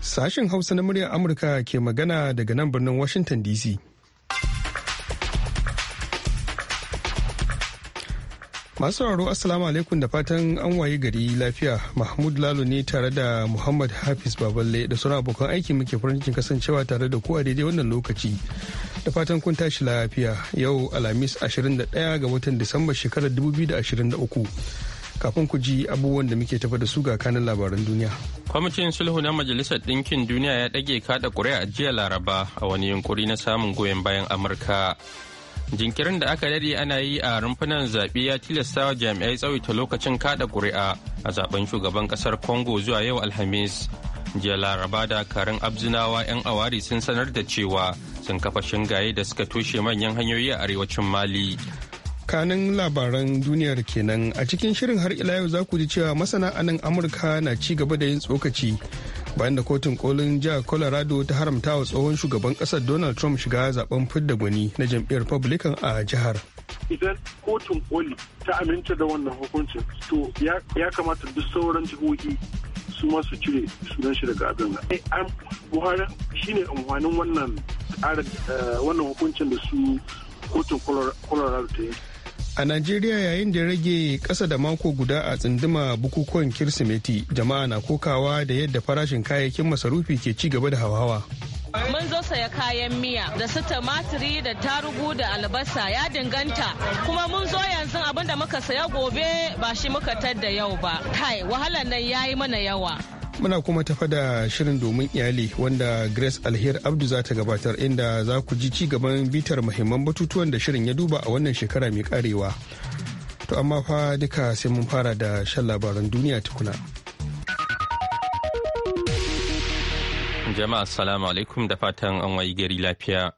Sashen Hausa na muryar Amurka ke magana daga nan birnin Washington DC. Masu sauraro Assalamu alaikum da fatan an waye gari lafiya Mahmud Lalo ne tare da Muhammad Hafiz Baballe da sauran abokan aiki muke farin cikin kasancewa tare da ku a daidai wannan lokaci. da fatan kun tashi lafiya yau Alhamis 21 ga watan Disamba shekarar 2023. Kafin ku ji abubuwan da muke tafa da su ga kanin labaran duniya. Kwamitin sulhu na Majalisar Ɗinkin Duniya ya ɗage kaɗa ƙuri'a jiya Laraba a wani yunkuri na samun goyon bayan Amurka. jinkirin da aka dade ana yi a rumfunan zaɓe ya tilasta wa jami'ai tsawaita lokacin kada ƙuri'a a zaben shugaban ƙasar congo zuwa yau alhamis jiya laraba da karin abzinawa 'yan awari sun sanar da cewa sun kafa shingaye da suka toshe manyan hanyoyi a arewacin mali kanin labaran duniyar kenan a cikin shirin har ila yau za ku ji cewa masana a amurka na ci gaba da yin tsokaci bayan da kotun kolin jihar colorado ta haramta wa tsohon shugaban kasar donald trump shiga zaben fidda gwani na jam'iyyar republican a jihar idan kotun koli ta aminta da wannan hukuncin to ya kamata duk sauran jihohi su masu cire sunan shi daga abin an eh, buhari shine amfanin wannan eh, wannan hukuncin da su kotun colorado ta yi A Najeriya yayin da rage ƙasa da mako guda a tsinduma bukukuwan Kirsimeti, jama'a na kokawa da yadda farashin kayayyakin masarufi ke ci gaba da hauhawa. Mun zo saya kayan miya da su tumatiri da tarugu da albasa ya danganta kuma mun zo yanzu abin da muka saya gobe ba shi muka da yau ba. Kai wahalar nan yi mana yawa. muna kuma tafa da shirin domin iyali wanda grace alheri abdu za ta gabatar inda za ku ji ci gaban bitar muhimman batutuwan da shirin ya duba a wannan shekara mai karewa to amma fa duka sai mun fara da shan labaran duniya tukuna jama'a assalamu alaikum da fatan an wayi gari lafiya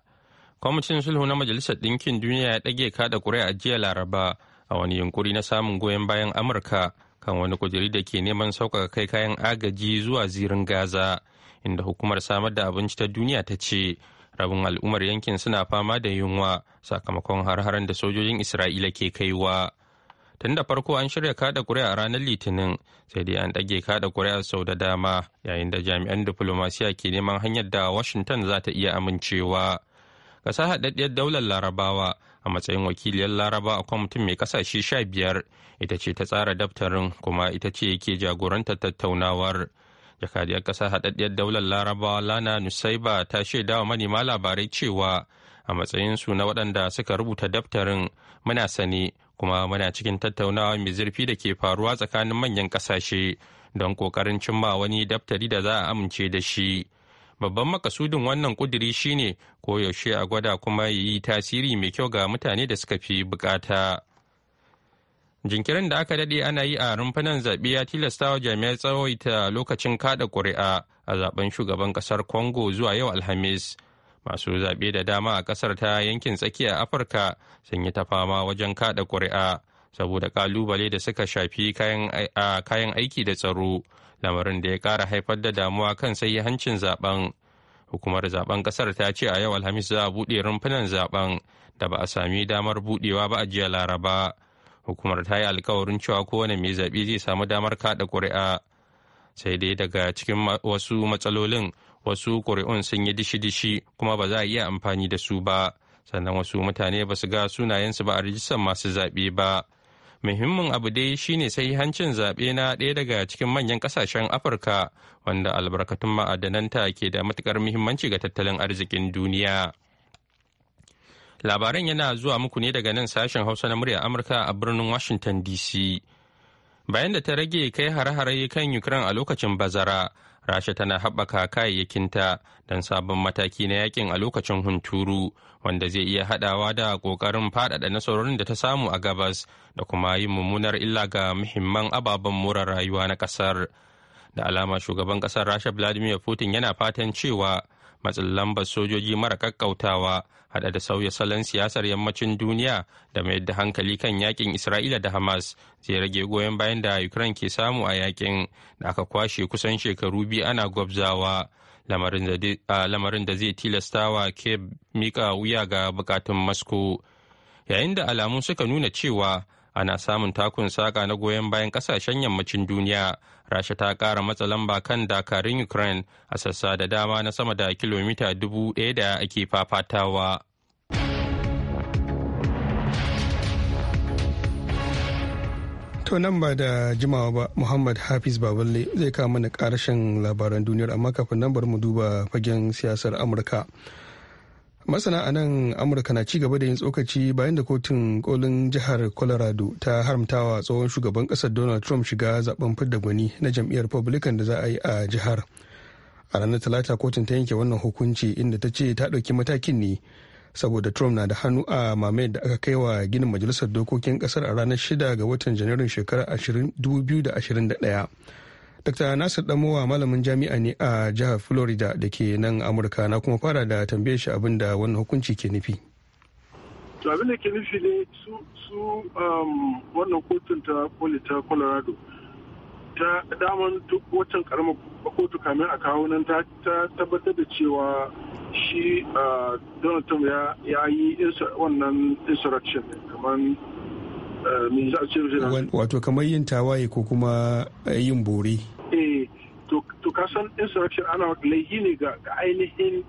kwamitin sulhu na majalisar ɗinkin duniya ya ɗage kada ƙuri'a jiya laraba a wani yunkuri na samun goyon bayan amurka kan wani kujeru da ke neman sauƙaƙa kai kayan agaji zuwa zirin gaza inda hukumar samar da abinci ta duniya ta ce rabin al'ummar yankin suna fama da yunwa sakamakon har-haren da sojojin isra'ila ke kaiwa tun da farko an shirya kada kuri'a a ranar litinin sai dai an ɗage kada kuri'a sau da dama yayin da jami'an diflomasiya ke neman hanyar da washington za ta iya amincewa ƙasar haɗaɗɗiyar daular larabawa a matsayin wakiliyar laraba a kwamitin mai kasashe sha biyar ita ce ta tsara daftarin kuma ita ce ke jagorantar tattaunawar jakadiyar ƙasa haɗaɗɗiyar daular larabawa lana nusaiba ta shaida wa manema labarai cewa a matsayinsu na waɗanda suka rubuta daftarin muna sani kuma muna cikin tattaunawa mai zurfi da ke faruwa tsakanin manyan ƙasashe don ƙoƙarin cimma wani daftari da za a amince da shi babban makasudin wannan kuduri shine koyaushe a gwada kuma yi tasiri mai kyau ga mutane da suka fi bukata jinkirin da aka dade ana yi a rumfunan zaɓe ya tilastawa jami'ai tsawaita lokacin kaɗa ƙuri'a a zaben shugaban ƙasar congo zuwa yau alhamis masu zaɓe da dama a ƙasar ta yankin tsakiya afirka sun yi ta fama wajen kaɗa ƙuri'a saboda ƙalubale da suka shafi kayan aiki da tsaro lamarin da ya kara haifar da damuwa kan hancin zaben hukumar zaben kasar ta ce a yau alhamis za a buɗe rumfunan zaben da ba a sami damar buɗewa ba a jiya laraba hukumar ta yi alkawarin cewa kowane mai zaɓe zai samu damar kaɗa ƙuri'a sai dai daga cikin wasu matsalolin wasu ƙuri'un sun yi dishi-dishi kuma ba za a iya amfani da su ba sannan wasu mutane ba su ga sunayensu ba a rijistar masu zaɓe ba muhimmin abu dai shine sai hancin zaɓe na ɗaya daga cikin manyan ƙasashen afirka wanda albarkatun ma'adananta ke da matuƙar muhimmanci ga tattalin arzikin duniya labaran yana zuwa muku ne daga nan sashen hausa na murya amurka a birnin washington dc bayan da ta rage kai hare-hare kan ukraine a lokacin bazara rasha tana haɓaka kayayyakinta don sabon mataki na yakin a lokacin hunturu wanda zai iya haɗawa da ƙoƙarin faɗaɗa nasarorin da ta samu a gabas da kuma yin mummunar illa ga muhimman ababen more rayuwa na ƙasar da alama shugaban ƙasar rasha vladimir putin yana fatan cewa matsin lambar sojoji mara kakkautawa hada da sauya salon siyasar yammacin duniya da mai da hankali kan yakin isra'ila da hamas zai rage goyon bayan da ukraine ke samu a yakin da aka kwashe kusan shekaru biyu ana gwabzawa lamarin da zai tilastawa ke mika wuya ga bukatun moscow yayin da alamu suka nuna cewa ana samun takun saka na goyon bayan kasashen yammacin duniya rasha ta kara matsa lamba kan dakarun ukraine a sassa da dama na sama da kilomita dubu ɗaya da ake fafatawa to nan ba da jimawa ba muhammad hafiz baballe zai kawo mana karshen labaran duniyar amma kafin nan bari mu duba fagen siyasar amurka masana a nan amurka na ci gaba da yin tsokaci bayan da kotun kolin jihar colorado ta haramtawa tsohon shugaban kasar donald trump shiga zaben fidda gwani na jam'iyyar republican da za a yi a jihar a ranar talata kotun ta yanke wannan hukunci inda ta ce ta ɗauki matakin ne saboda trump na da hannu a mamayar da aka kai wa ginin majalisar dokokin kasar a ranar 6 ga watan janairun shekarar 2021 Dr. Nasir Damowa malamin jami'a ne a jihar Florida da ke nan Amurka na kuma fara da tambaye shi abin da wannan hukunci ke nufi. To abin da ke nufi ne su um, wannan kotun ta koli ta Colorado ta daman waccan karamar kotu kamin a kawo nan ta tabbatar da cewa shi uh, Donald Trump ya yi wannan insurrection kamar uh, wato kamar yin tawaye ko kuma uh, yin bore E to kasan insurrection ana laihi ne ga ainihin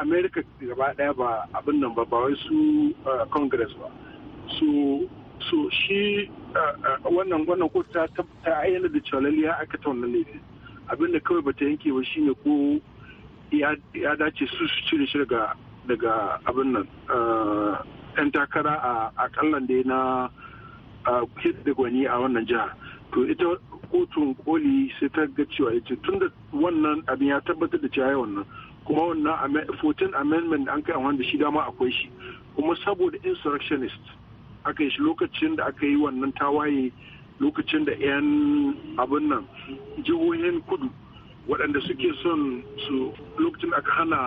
america gaba daya ba abin nan ba ba wai su congress ba so shi wannan wannan ko ta ayyana da chalaliya aka ta wannan ne abin da kawai bata yanke ba shine ko ya dace su su cire shi daga abin nan yan takara a kallon da na hit da gwani a wannan jiha to ita kotun koli sai ta ga cewa ita tun da wannan abin ya tabbatar da cewa wannan kuma wannan 14 amendment da an kai wanda da shi dama akwai shi kuma saboda insurrectionist aka yi shi lokacin da aka yi wannan tawaye lokacin da 'yan abin nan jihohin kudu waɗanda suke son su lokacin aka hana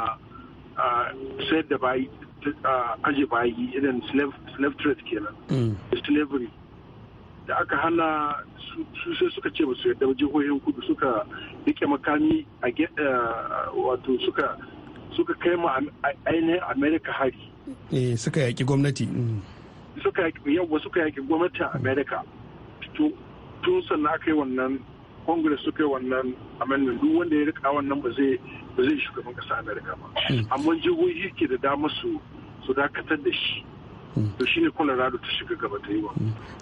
sayar da bayi aje bayi idan slave trade kenan mm. slavery da aka hana su sai suka ce ba su jihohin kudu suka rike makami a eh, wato suka suka kai ma ainihin amerika hari eh suka yaki gwamnati mm. suka yaki yawwa suka yaki gwamnati a amerika tun sannan aka yi wannan congress suka yi wannan amendment duk wanda ya rika wannan ba zai ba zai shugaban kasa amerika ba mm. amma jihohi ke da dama su su dakatar da shi to kuna colorado ta shiga gaba ta yi wa.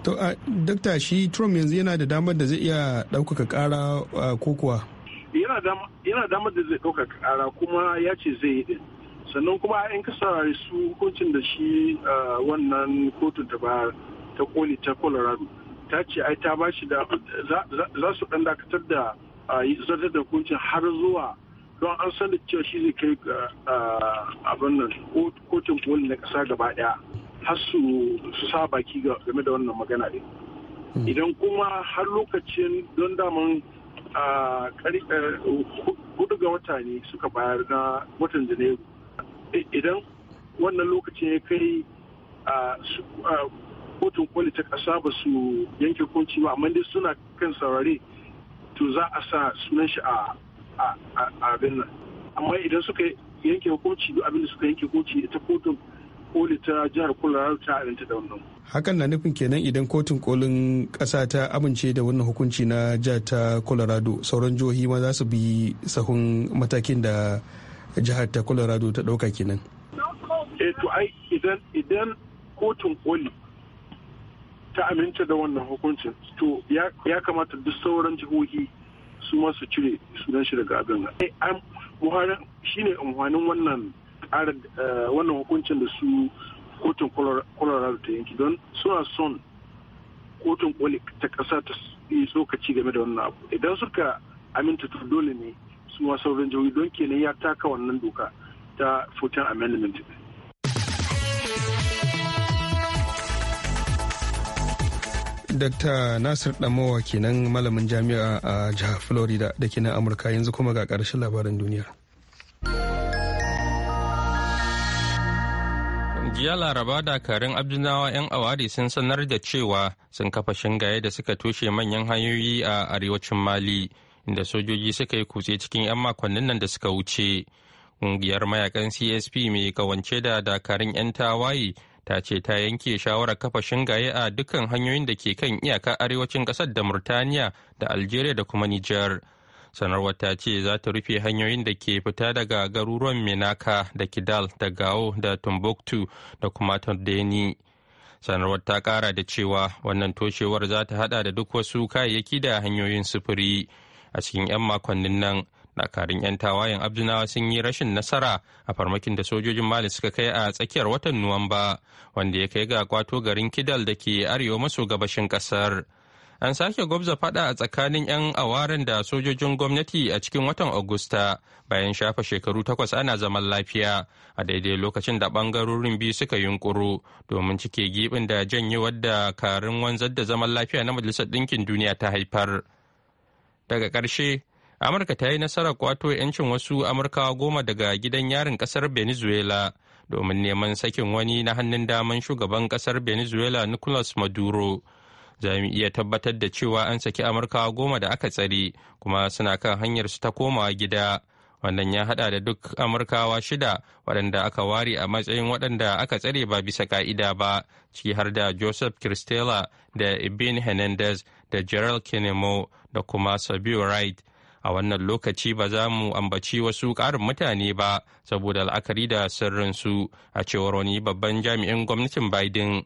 to a dakta shi trump yanzu yana da damar da zai iya ɗaukaka ƙara ko kuwa yana damar da zai ɗaukaka ƙara kuma ya ce zai yi din sannan kuma in ka saurari su hukuncin da shi wannan kotun ta ba ta koli ta colorado ta ce ai ta ba shi da za su dan dakatar da zartar da hukuncin har zuwa don an san da cewa shi zai kai abin nan kotun koli na kasa gaba ɗaya. har su sa baki game da wannan magana din hmm. idan kuma har lokacin don daman a hudu ga wata ne suka bayar na watan janairu idan wannan lokacin ya kai kotun koli ta ƙasa ba su yanke kunci ba amma dai suna kan saurare to za a sa sunan shi a abin nan amma idan suka yanke hukunci duk abin da suka yanke hukunci ta kotun koli ta jihar colorado ta aminta da wannan hakan na nufin kenan idan kotun kolin ƙasa ta amince da wannan hukunci na jihar ta colorado sauran jihohi ma za su bi sahun matakin da jihar ta colorado ta ɗauka kenan eh, to ai idan idan kotun koli ta aminta da wannan hukuncin to ya kamata duk sauran jihohi su masu cire sunan shi daga abin nan eh, shine amfanin wannan tsarin eh, wannan hukuncin da su kotun colorado ta yanki don suna son kotun koli ta ƙasa ta yi tsokaci game da wannan abu idan suka aminta to dole ne su ma sauran jihohi don kenan ya taka wannan doka ta 14 amendment Dr. Nasir Damowa kenan malamin jami'a a jihar Florida da kenan Amurka yanzu kuma ga ƙarshen labaran duniya jiya laraba dakarun abdinawa 'yan awari sun sanar da cewa sun kafa shingaye da suka toshe manyan hanyoyi a arewacin mali inda sojoji suka yi kutse cikin 'yan makonnin nan da suka wuce ƙungiyar mayakan csp mai kawance da dakarun 'yan tawaye ta ce ta yanke shawarar kafa shingaye a dukkan hanyoyin da ke kan iyaka arewacin ƙasar da murtaniya da algeria da kuma nijar sanarwar ta ce za ta rufe hanyoyin da ke fita daga garuruwan menaka da kidal da gao da tumbuktu da kuma tondeni sanarwar ta kara da cewa wannan toshewar za ta hada da duk wasu kayayyaki da hanyoyin sufuri a cikin 'yan makonnin nan dakarun 'yan tawayen abdunawa sun yi rashin nasara a farmakin da sojojin mali suka kai a tsakiyar watan nuwamba wanda ya kai ga kwato garin kidal da ke arewa maso gabashin kasar an sake gwabza fada a tsakanin 'yan awaren da sojojin gwamnati a cikin watan agusta bayan shafa shekaru takwas ana zaman lafiya a daidai lokacin da bangarorin biyu suka yunkuru domin cike gibin da janyewar da karin wanzar da zaman lafiya na majalisar ɗinkin duniya ta haifar daga ƙarshe amurka ta yi nasarar kwato 'yancin wasu amurkawa goma daga gidan yarin ƙasar venezuela domin neman sakin wani na hannun daman shugaban ƙasar venezuela nicolas maduro za iya tabbatar da cewa an saki amurkawa goma da aka tsare kuma suna kan hanyar su ta komawa gida wannan ya hada da duk amurkawa shida waɗanda aka ware a matsayin waɗanda aka tsare ba bisa ka'ida ba ciki har da joseph christella da ibn hernandez da gerald kenemo da kuma sabio wright a wannan lokaci ba za mu ambaci wasu ƙarin mutane ba saboda la'akari da sirrinsu a cewar wani babban jami'in gwamnatin biden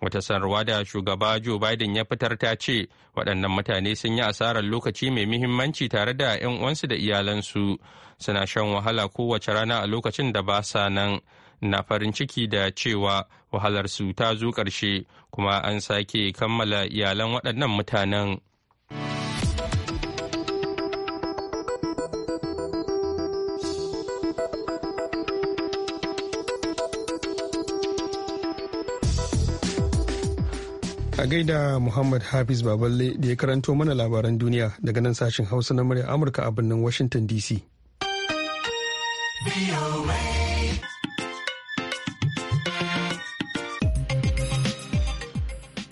wata sanarwa da shugaba joe biden ya fitar ta ce waɗannan mutane sun yi asarar lokaci mai muhimmanci tare da 'yan uwansu da iyalansu suna shan wahala kowace rana a lokacin da ba sa nan na farin ciki da cewa wahalarsu ta zo ƙarshe kuma an sake kammala iyalan waɗannan mutanen A gaida Muhammad Hafiz Baballe da ya karanto mana labaran duniya daga nan sashen Hausa na murya Amurka a birnin Washington DC.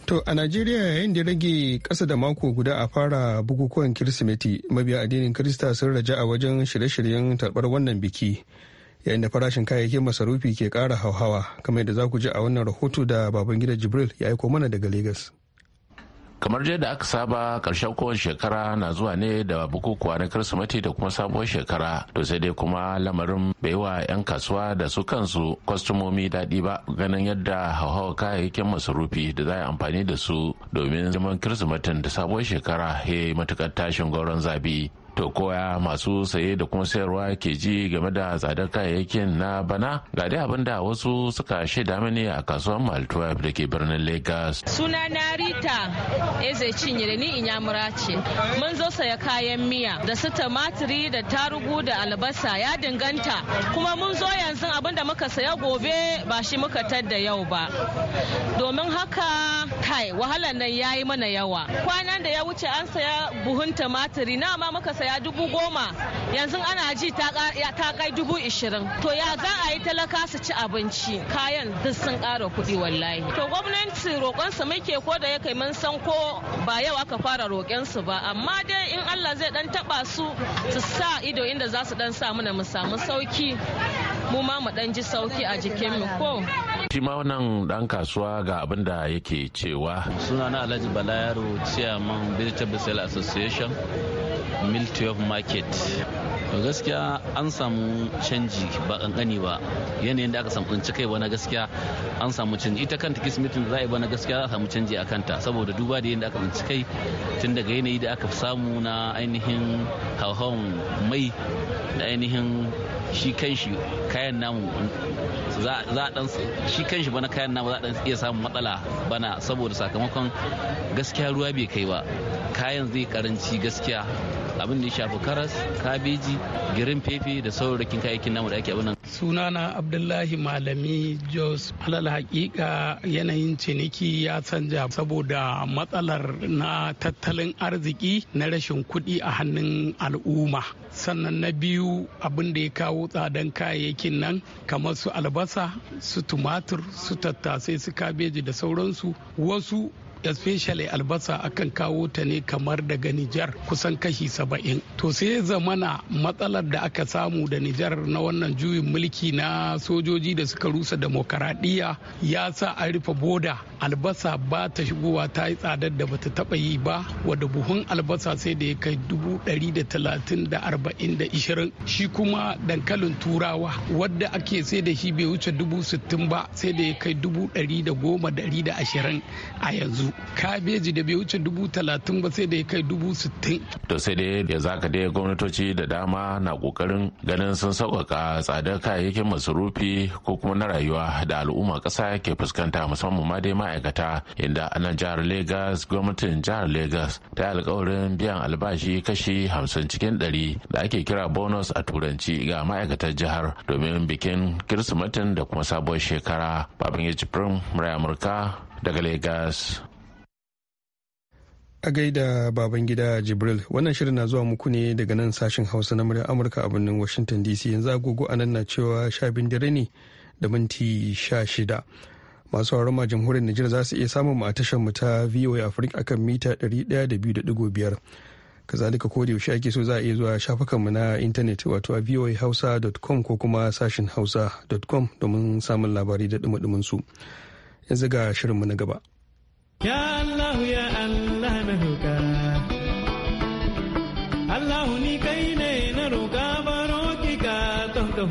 To a Najeriya yayin da rage kasa da mako guda a fara bukukuwan Kirsimeti mabiya addinin Kirista sun raja a wajen shirye-shiryen tarbar wannan biki. yayin da farashin kayayyakin masarufi ke kara hauhawa kamar yadda za ku ji a wannan rahoto da baban gida jibril ya aiko mana daga legas. kamar da aka saba karshen kowace shekara na zuwa ne da bukukuwa na kirsimati da kuma sabuwar shekara to sai dai kuma lamarin bai wa 'yan kasuwa da su kansu kwastomomi daɗi ba ganin yadda hauhawar kayayyakin masarufi da za a yi amfani da su domin zaman kirsimetin da sabuwar shekara ya yi matukar tashin gauron zabi to koya masu saye da kuma sayarwa ke ji game da tsadar kayayyakin na bana ga dai abin da wasu suka shaida mini a kasuwar mall 12 da ke birnin lagos suna na rita eze da ni inyamura ce mun zo saya kayan miya da su da tarugu da albasa ya danganta kuma mun zo yanzu abin da muka saya gobe ba shi muka tadda yau ba domin haka kai wahalar nan ya yi mana yawa kwanan da ya wuce an saya buhun tumatiri na ma muka saya dubu goma yanzu ana ji ta kai dubu ishirin to ya za a yi talaka su ci abinci kayan duk sun ƙara kuɗi wallahi to gwamnati roƙonsa muke ko da ya kai mun san ko ba yau aka fara su ba amma dai in allah zai dan taba su su sa ido inda za su dan sa mana mu samu sauki mu ma mu dan ji sauki a jikinmu ko shi ma wannan dan kasuwa ga abin da yake cewa suna na alhaji bala yaro chairman vegetable sale association of market gaskiya an samu canji ba kankani ba yanayin da aka samu tsinci kai na gaskiya an samu canji ita kanta kismitin za a yi na gaskiya za a samu canji a kanta saboda duba da yadda aka tsinci kai tun daga yanayi da aka samu na ainihin hauhawan mai da ainihin shi kanshi kayan namu za shi kanshi bana kayan namu za dan iya samun matsala bana saboda sakamakon gaskiya ruwa bai kai ba kayan zai karanci gaskiya abin da ya shafi karas kabeji girin fefe da saurakin kayayyakin namu da ake abin nan sunana abdullahi malami jos alal haƙiƙa yanayin ciniki ya canja saboda matsalar na tattalin arziki na rashin kuɗi a hannun al'umma sannan na biyu abin da ya kawo tsadan kayayyakin nan kamar su albasa su tumatur su tattasai su kabeji da sauransu wasu especially albasa akan kawo ta ne kamar daga Nijar kusan kashi saba'in. To sai zamana matsalar da aka samu da Nijar na wannan juyin mulki na sojoji da suka rusa demokaradiyya ya sa a rufe boda albasa ba ta shigowa ta yi tsadar da bata taba yi ba wadda buhun albasa sai da ya kai dubu ɗari da talatin da arba'in da ishirin shi kuma dankalin turawa wadda ake sai da shi bai wuce dubu sittin ba sai da ya kai dubu ɗari da goma ɗari da ashirin a yanzu kabeji da bai wuce dubu talatin ba sai da ya kai dubu sittin. to sai dai da za ka dai gwamnatoci da dama na kokarin ganin sun sauƙaƙa tsadar kayayyakin masarufi ko kuma na rayuwa da al'umma ƙasa ke fuskanta musamman ma dai ma'aikata inda anan jihar lagos gwamnatin jihar lagos ta yi alkawarin biyan albashi kashi hamsin cikin ɗari da ake kira bonus a turanci ga ma'aikatar jihar domin bikin kirsimetin da kuma sabuwar shekara babin ya murai amurka daga lagos A gaida baban gida Jibril wannan shirin na zuwa muku ne daga nan sashen Hausa na muryar Amurka a birnin Washington DC yanzu agogo a nan na cewa sha dare ne da minti sha shida. Masu sauraron ma jamhuriyar Nijar za su iya samun mu a tashar mu ta VOA Africa akan mita 102.5. Kazalika ko da yaushe ake so za a iya zuwa shafukan mu na intanet wato a voahausa.com ko kuma sashen hausa.com domin samun labarai da dumadumin su. Yanzu ga shirin mu na gaba. Allah ni kai ne na ka ton da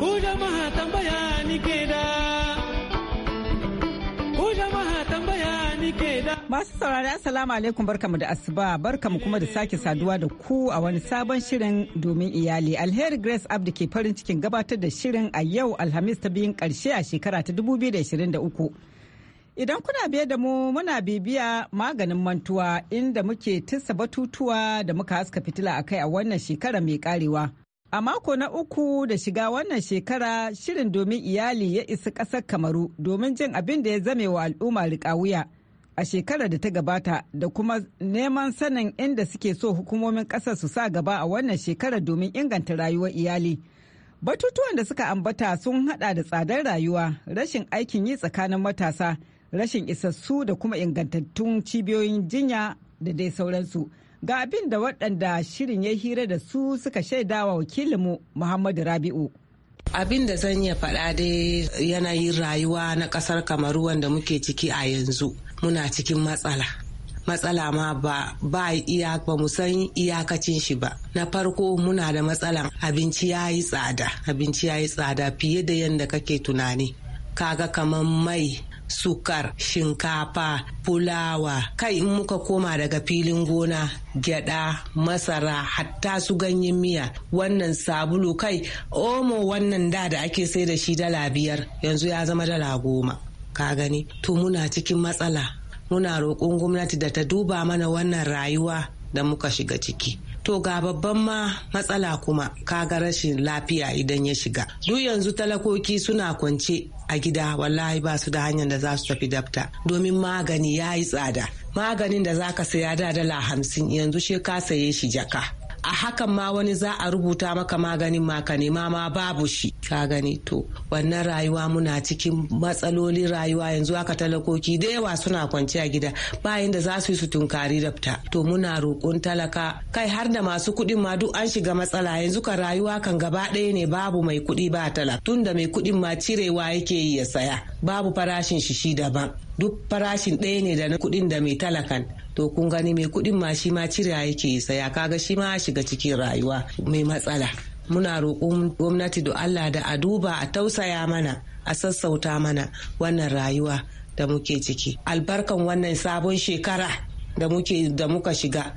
ku jama'a tambaya Masu saurari Assalamu alaikum barkamu da asuba barkamu kuma da sake saduwa da ku a wani sabon shirin domin iyali. Alheri Grace Abdi ke farin cikin gabatar da shirin a yau Alhamis ta biyun karshe a shekara ta 2023. Idan kuna biye da mu muna bibiya maganin mantuwa inda muke tissa batutuwa da muka haska fitila a kai a wannan shekara mai karewa. A mako na uku da shiga wannan shekara shirin domin iyali ya isa ƙasar Kamaru domin jin abin da ya zame wa al'umma riƙawuya a shekarar da ta gabata da kuma neman sanin inda suke so hukumomin ƙasar su sa gaba a wannan shekarar domin inganta rayuwar iyali. Batutuwan da suka ambata sun haɗa da tsadar rayuwa, rashin aikin yi tsakanin matasa, rashin isassu da kuma ingantattun cibiyoyin jinya da dai sauransu ga abin da waɗanda shirin ya hira da su suka shaidawa wakilinmu muhammadu rabi'u abin da zan iya faɗa dai yanayin rayuwa na ƙasar kamaru wanda muke ciki a yanzu muna cikin matsala matsala ma ba ba mu san iyakacin shi ba na farko muna da matsalan abinci ya yi tsada abinci ya yi tsada fiye da yadda kake tunani kaga kamar mai sukar shinkafa fulawa kai in muka koma daga filin gona gyada masara hatta su ganyen miya wannan sabulu kai omo wannan da da ake sai da shi dala biyar yanzu ya zama dala goma ka gani to muna cikin matsala muna roƙon gwamnati da ta duba mana wannan rayuwa da muka shiga ciki to ga babban ma matsala kuma kaga rashin lafiya idan ya shiga duk yanzu talakoki suna kwance a gida wallahi ba su da hanyar da za su tafi dafta domin magani ya yi tsada maganin da za ka saya da dala hamsin yanzu shi ka saye shi jaka a hakan ma wani za a rubuta maka maganin maka nema ma babu shi ka gani to wannan rayuwa muna cikin matsalolin rayuwa yanzu haka talakoki da yawa suna kwanciya gida bayan da za su yi su tunkari da fita to muna roƙon talaka kai har da masu kuɗin ma duk an shiga matsala yanzu ka rayuwa kan gaba ɗaya ne babu mai kuɗi ba talaka tunda mai kuɗin ma cirewa yake yi ya saya babu farashin shi shi daban duk farashin ɗaya ne da na kuɗin da mai talakan to kun gani mai kuɗin ma shi ma cira yake saya kaga shi ma shiga cikin rayuwa mai matsala muna roƙon gwamnati da Allah da a duba a tausaya mana a sassauta mana wannan rayuwa da muke ciki albarkan wannan sabon shekara da muka shiga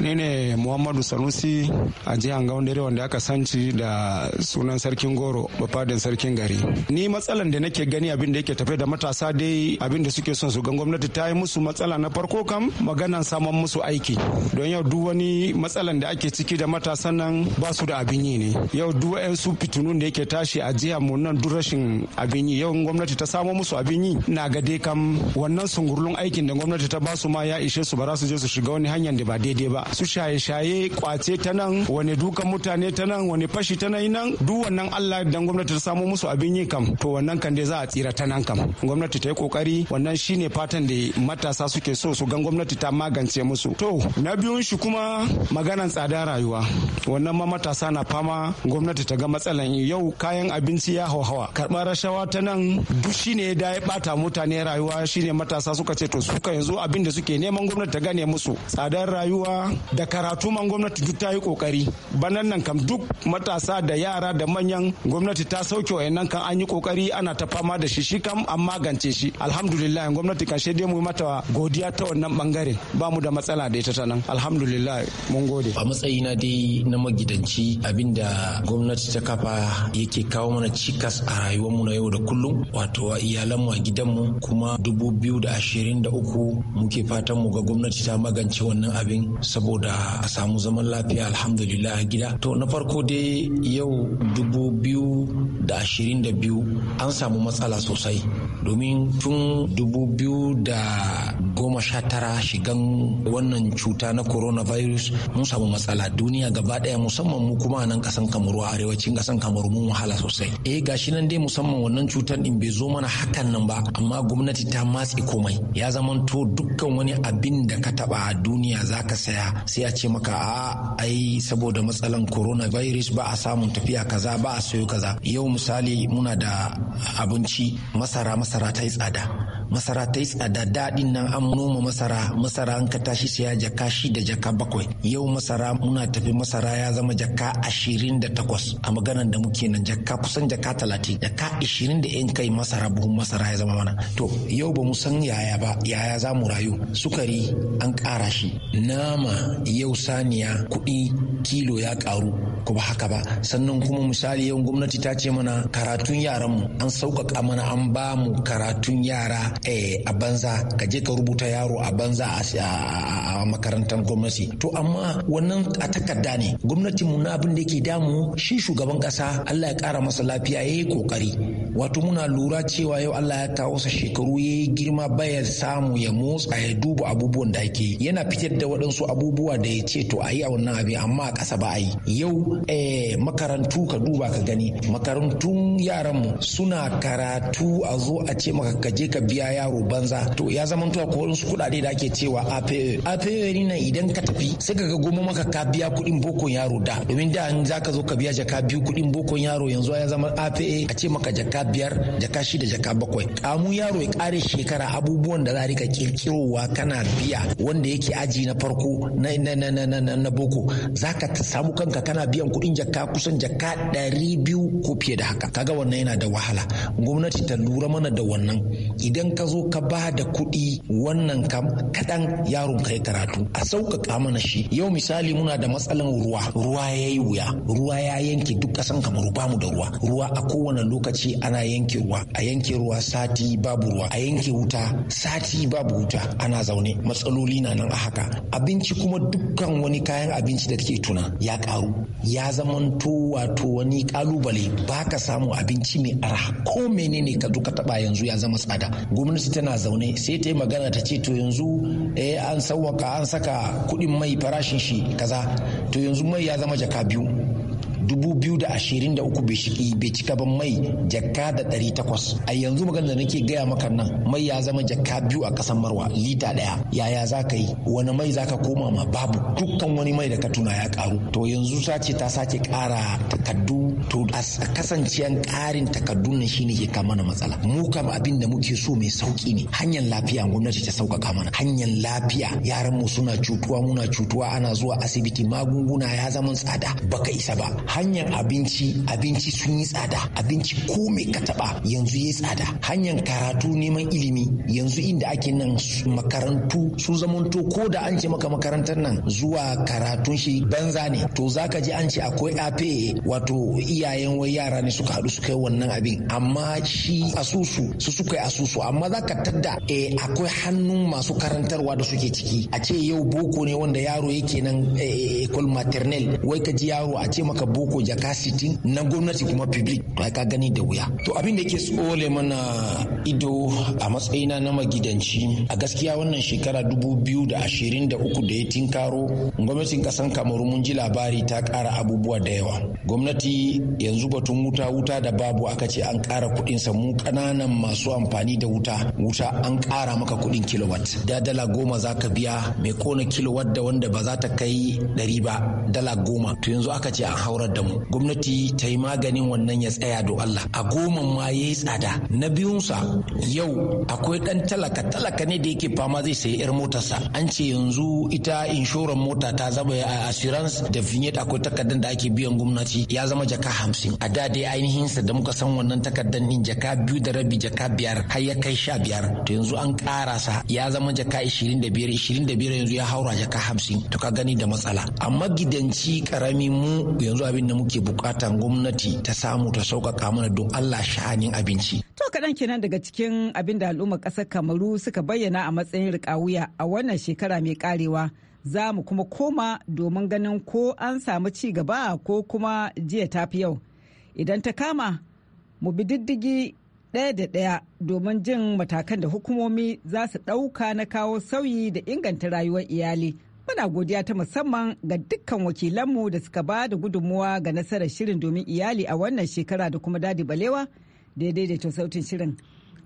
ni ne muhammadu sanusi a jihar gaundare wanda aka sanci da sunan sarkin goro fadin sarkin gari ni matsalan da nake gani abin da yake tafe da matasa dai abin da suke son su gan gwamnati ta yi musu matsala na farko kam maganan saman musu aiki don yau duk wani matsalan da ake ciki da matasan nan ba su da abin yi ne yau duk su fitinun da yake tashi a jihar mu nan duk rashin abin yi yau gwamnati ta samo musu abin yi na ga dai kam wannan sungurlun aikin da gwamnati ta ba su ma ya ishe su ba za su je su shiga wani hanyar da ba daidai ba ba su shaye-shaye kwace ta nan wani dukan mutane ta nan wani fashi ta nan nan duk wannan Allah dan gwamnati ta samu musu abin yi kam to wannan kan dai za a tsira ta nan kam gwamnati ta yi kokari wannan shine fatan da matasa suke so su gan gwamnati ta magance musu to na biyun shi kuma maganan tsada rayuwa wannan ma matasa na fama gwamnati ta ga matsalan yau kayan abinci ya hauhawa karɓar rashawa ta nan duk shine da ya bata mutane rayuwa shine matasa suka ce to suka yanzu abin da suke neman gwamnati ta gane musu tsadar rayuwa da karatu man gwamnati duk ta yi kokari banan nan kam duk matasa da yara da manyan gwamnati ta sauke wayannan kan an yi kokari ana ta fama da shi shi kam an magance shi alhamdulillah gwamnati kan dai mu mata godiya ta wannan bangare ba mu da matsala da ita ta nan alhamdulillah mun gode a matsayina dai na magidanci abinda gwamnati ta kafa yake kawo mana cikas a rayuwar mu na yau da kullum wato a iyalanmu a gidanmu kuma dubu biyu da ashirin da uku muke fatan mu ga gwamnati ta magance wannan abin saboda a samu zaman lafiya alhamdulillah a gida to na farko dai yau dubu biyu da ashirin da biyu an samu matsala sosai domin tun dubu biyu da goma sha tara shigan wannan cuta na coronavirus mun samu matsala duniya gaba daya musamman mu kuma nan kasan kamaru a arewacin kasan kamaru mun wahala sosai eh gashi nan dai musamman wannan cutar din bai zo mana hakan nan ba amma gwamnati ta matse komai ya zamanto dukkan wani abin da ka taba a duniya zaka saya daya sai a ce maka a ai saboda matsalan coronavirus ba a samun tafiya kaza ba a sayo kaza yau misali muna da abinci masara masara ta yi tsada masara ta yi tsada daɗin nan an noma masara masara an ka tashi sai ya jaka shi da jaka bakwai yau masara muna tafi masara ya zama jaka ashirin da takwas a maganan da muke nan jaka kusan jaka talatin jaka ashirin da yan kai masara buhun masara ya zama mana to yau ba mu san yaya ba yaya za mu rayu sukari an ƙara shi nama yau saniya kuɗi kilo ya ƙaru ba haka ba sannan kuma misali yau gwamnati ta ce mana karatun yaran mu an sauƙaƙa mana an ba mu karatun yara eh, a banza ka je ka rubuta yaro a banza a makarantar gwamnati to amma wannan a takarda ne mu na abin da yake damu shi shugaban ƙasa allah ya ƙara masa lafiya ya yi ƙoƙari wato muna lura cewa yau Allah ya kawo sa shekaru ya yi girma baya samu ya motsa ya duba abubuwan da ake yana fitar da waɗansu abubuwa da ya ce to a yi a wannan abin amma a ƙasa ba a yi yau eh, makarantu ka duba ka gani makarantun yaranmu suna karatu a zo a ce maka ka je ka biya yaro banza to ya zama to ko wasu kuɗaɗe da ake cewa APE APE ni na idan ka tafi sai ka ga goma maka ka biya kuɗin bokon yaro da domin da in zaka zo ka biya jaka biyu kuɗin bokon yaro yanzu ya zama APE a ce maka jaka biyar jaka shida jaka bakwai kamu yaro ya kare shekara abubuwan da za a rika kirkirowa kana biya wanda yake aji na farko na boko za ka samu kanka kana biyan kuɗin jaka kusan jaka ɗari biyu ko fiye da haka kaga wannan yana da wahala gwamnati ta lura mana da wannan idan ka zo ka ba da kuɗi wannan kam kaɗan yaron ka yi karatu a sauƙaƙa mana shi yau misali muna da matsalan ruwa ruwa ya yi wuya ruwa ya yanke duk ƙasan kamar ba mu da ruwa ruwa a kowane lokaci ana ana yanke ruwa a yanke ruwa sati babu ruwa a yanke wuta sati babu wuta ana zaune matsaloli na nan a haka abinci kuma dukkan wani kayan abinci da take tuna ya karu ya zamanto wato wani kalubale ba ka samu abinci mai arha ko menene ka duka taba yanzu ya zama tsada gwamnati tana zaune sai ta yi magana ta ce to yanzu eh an sauwaka an saka kuɗin mai farashin shi kaza to yanzu mai ya zama jaka biyu 2023 bai shiki bai cika ban mai jakka da 800 a yanzu magana da nake gaya maka nan mai ya zama jakka biyu a kasan marwa lita daya yaya za ka yi wani mai za ka koma ma babu dukkan wani mai da ka tuna ya karu to yanzu sace ta sake kara takaddu to a kasanciyan ƙarin takardun nan shine ke kama mana matsala mu kam abin da muke so mai sauki ne hanyar lafiya gwamnati ta sauƙaƙa mana hanyar lafiya yaran mu suna cutuwa muna cutuwa ana zuwa asibiti magunguna ya zama tsada baka isa ba hanyar abinci abinci sun yi tsada abinci ko mai ka taɓa yanzu yayi tsada hanyar karatu neman ilimi yanzu inda ake nan makarantu su zamanto ko da an ce maka makarantar nan zuwa karatun shi banza ne to zaka ji an ce akwai ape wato iyayen wai yara ne suka haɗu suka yi wannan abin amma shi asusu su suka yi asusu amma za ka tadda e, akwai hannun masu karantarwa da suke ciki a ce yau boko ne wanda yaro yake nan ecole eh, eh, maternelle wai ka ji yaro a ce maka boko jaka sitin na gwamnati kuma public to ka gani da wuya to abin da yake tsole mana ido a matsayina na magidanci a gaskiya wannan shekara dubu biyu da ashirin da uku da ya tinkaro gwamnatin kasan kamaru mun ji labari ta kara abubuwa da yawa gwamnati yanzu batun wuta wuta da babu aka ce an ƙara kuɗin sa mu ƙananan masu amfani da wuta wuta an ƙara maka kuɗin kilowatt da dala goma za ka biya mai kona kilowatt da wanda ba za ta kai ɗari ba dala goma to yanzu aka ce an haurar da mu gwamnati ta yi maganin wannan ya tsaya do Allah a goma ma ya yi tsada na biyunsa yau akwai ɗan talaka talaka ne da yake fama zai sayi 'yar motarsa an ce yanzu ita inshoran mota ta zama a assurance da vignette akwai takardar da ake biyan gwamnati ya zama jaka jaka hamsin a da dai ainihin sa da muka san wannan takardar din jaka biyu da rabi jaka biyar har ya kai sha biyar to yanzu an ƙara sa ya zama jaka ishirin da biyar ishirin da biyar yanzu ya haura jaka hamsin to ka gani da matsala amma gidanci karami mu yanzu abin da muke bukatan gwamnati ta samu ta sauƙaƙa mana don Allah sha'anin abinci. To kaɗan kenan daga cikin abin da al'ummar ƙasar Kamaru suka bayyana a matsayin riƙawuya a wannan shekara mai ƙarewa. za mu kuma koma domin ganin ko an samu ci gaba ko kuma jiya ta fi yau idan ta kama mu bi diddigi ɗaya da ɗaya domin jin matakan da hukumomi za su ɗauka na kawo sauyi da inganta rayuwar iyali muna godiya ta musamman ga dukkan wakilanmu da suka ba da gudunmuwa ga nasarar shirin domin iyali a wannan shekara da kuma dadi balewa daidai da sautin shirin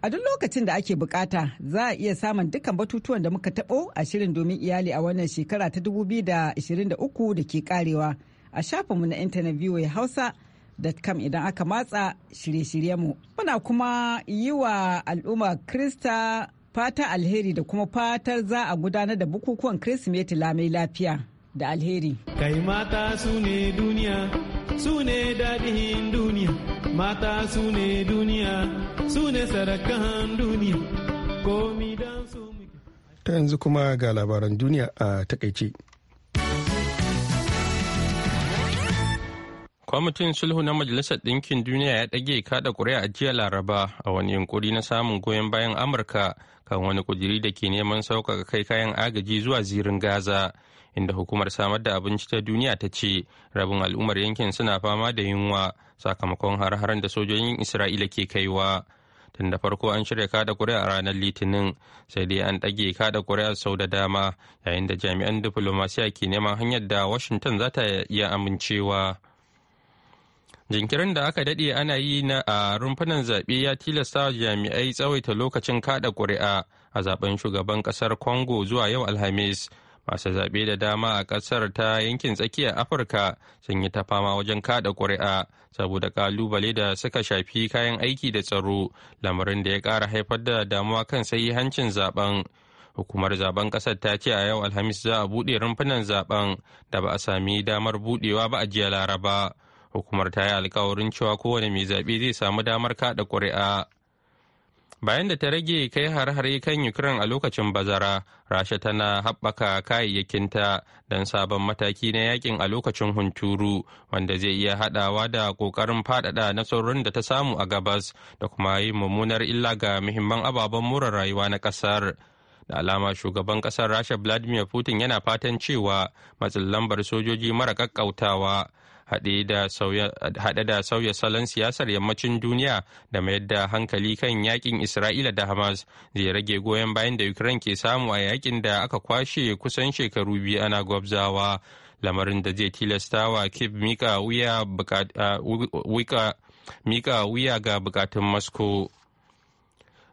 A duk lokacin da ake bukata za a iya samun dukkan batutuwan da muka tabo a shirin domin iyali a wannan shekara ta 2023 da ke karewa a shafinmu na intanet ya hausa. com idan aka matsa shirye-shiryenmu. Muna kuma yi wa al'umma Krista fata alheri da kuma fatar za a gudanar da bukukuwan Kirsimeti lamai lafiya da alheri. Kai mata su ne duniya, su ne dadihin duniya. mata su ne duniya su ne sarakan duniya komi don su ta yanzu kuma ga labaran duniya a takaice kwamitin sulhu na majalisar ɗinkin duniya ya ɗage kaɗa ƙuri'a a jiya laraba a wani yunƙuri na samun goyon bayan amurka kan wani kujiri da ke neman sauƙaƙa kai kayan agaji zuwa zirin gaza inda hukumar samar da abinci ta duniya ta ce rabin al'ummar yankin suna fama da yunwa sakamakon har-haren da sojojin isra'ila ke kaiwa tun da farko an shirya kada kuri'a a ranar litinin sai dai an ɗage kada kuri'a sau da dama yayin da jami'an diflomasiya ke neman hanyar da washington za ta iya amincewa jinkirin da aka daɗe ana yi na a rumfunan zaɓe ya tilasta jami'ai tsawaita lokacin kada kuri'a a zaben shugaban ƙasar congo zuwa yau alhamis masu zaɓe da dama a ƙasar ta yankin tsakiyar afirka sun yi ta fama wajen kaɗa ƙuri'a saboda ƙalubale da suka shafi kayan aiki da tsaro lamarin da ya ƙara haifar da damuwa kan sai hancin zaben hukumar zaben ƙasar ta ce a yau alhamis za a buɗe rumfunan zaben da ba a sami damar buɗewa ba a jiya laraba hukumar ta yi alkawarin cewa kowane mai zaɓe zai samu damar kaɗa ƙuri'a bayan da ta rage kai har-hare kan ukraine a lokacin bazara rasha tana haɓaka kayayyakinta don sabon mataki na yakin a lokacin hunturu wanda zai iya haɗawa da ƙoƙarin faɗaɗa na nasarorin da ta samu a gabas da kuma yin mummunar illa ga muhimman ababen more rayuwa na ƙasar da alama shugaban ƙasar rasha vladimir putin yana fatan cewa matsin lambar sojoji mara ƙaƙƙautawa haɗe da sauya salon siyasar yammacin duniya da mayar da hankali kan yakin Isra'ila da Hamas zai rage goyon bayan da Ukraine ke samu a yakin da aka kwashe kusan shekaru biyu ana gwabzawa lamarin da zai tilasta wa Kiev mika wuya ga bukatun masko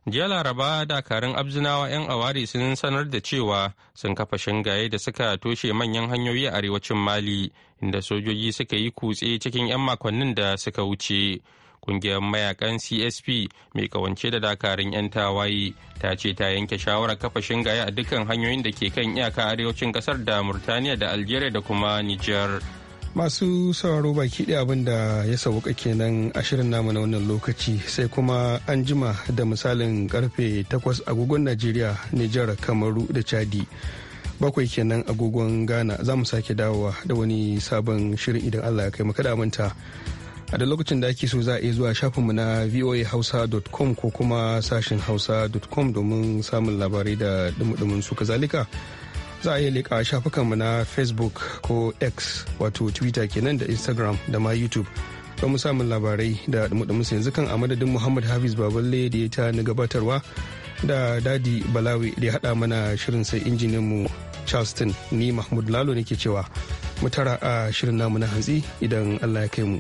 jiya laraba dakarun abzinawa 'yan awari sun sanar da cewa sun kafa shingaye da suka toshe manyan hanyoyi a arewacin mali inda sojoji suka yi kutse cikin 'yan makonnin da suka wuce kungiyar mayakan csp mai kawance da dakarun 'yan tawaye ta ce ta yanke shawarar kafa shingaye a dukkan hanyoyin da ke kan iyaka arewacin kasar da murtaniya da algeria da kuma niger masu sauraro baki da abin da ya sauka kenan a namu na wannan lokaci sai kuma an jima da misalin karfe 8 agogon najeriya nijar kamaru da chadi bakwai kenan agogon ghana za mu sake dawowa da wani sabon shirin idan allah ya kai da manta a da lokacin da ake so za a iya zuwa shafinmu na voahausa.com ko kuma sashin hausa.com domin samun labarai da dumudumin suka kazalika za a iya leƙa shafukanmu na facebook ko x wato twitter kenan da instagram da ma youtube don mu samun labarai da dumudumin yanzu kan a madadin muhammad hafiz baballe da ya ta na gabatarwa da dadi balawi da ya haɗa mana shirin sai injininmu charleston ni mahmud lalo nake cewa mu tara a shirin namu na hantsi idan allah ya kai mu.